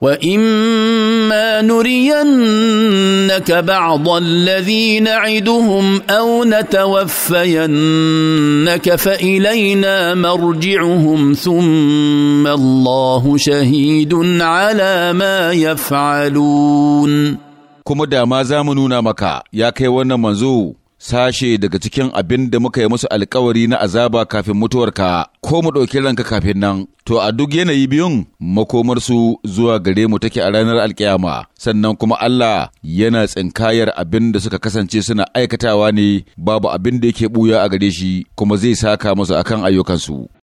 واما نرينك بعض الذي نعدهم او نتوفينك فالينا مرجعهم ثم الله شهيد على ما يفعلون kuma da ma za mu nuna maka ya kai wannan manzo sashe daga cikin abin da muka yi musu alkawari na azaba kafin mutuwarka ko mu ɗauki ranka kafin nan to a duk yanayi biyun makomarsu zuwa gare mu take a ranar alkiyama sannan kuma Allah yana tsinkayar abin da suka kasance suna aikatawa ne babu abin da yake buya a gare shi kuma zai saka musu akan ayyukansu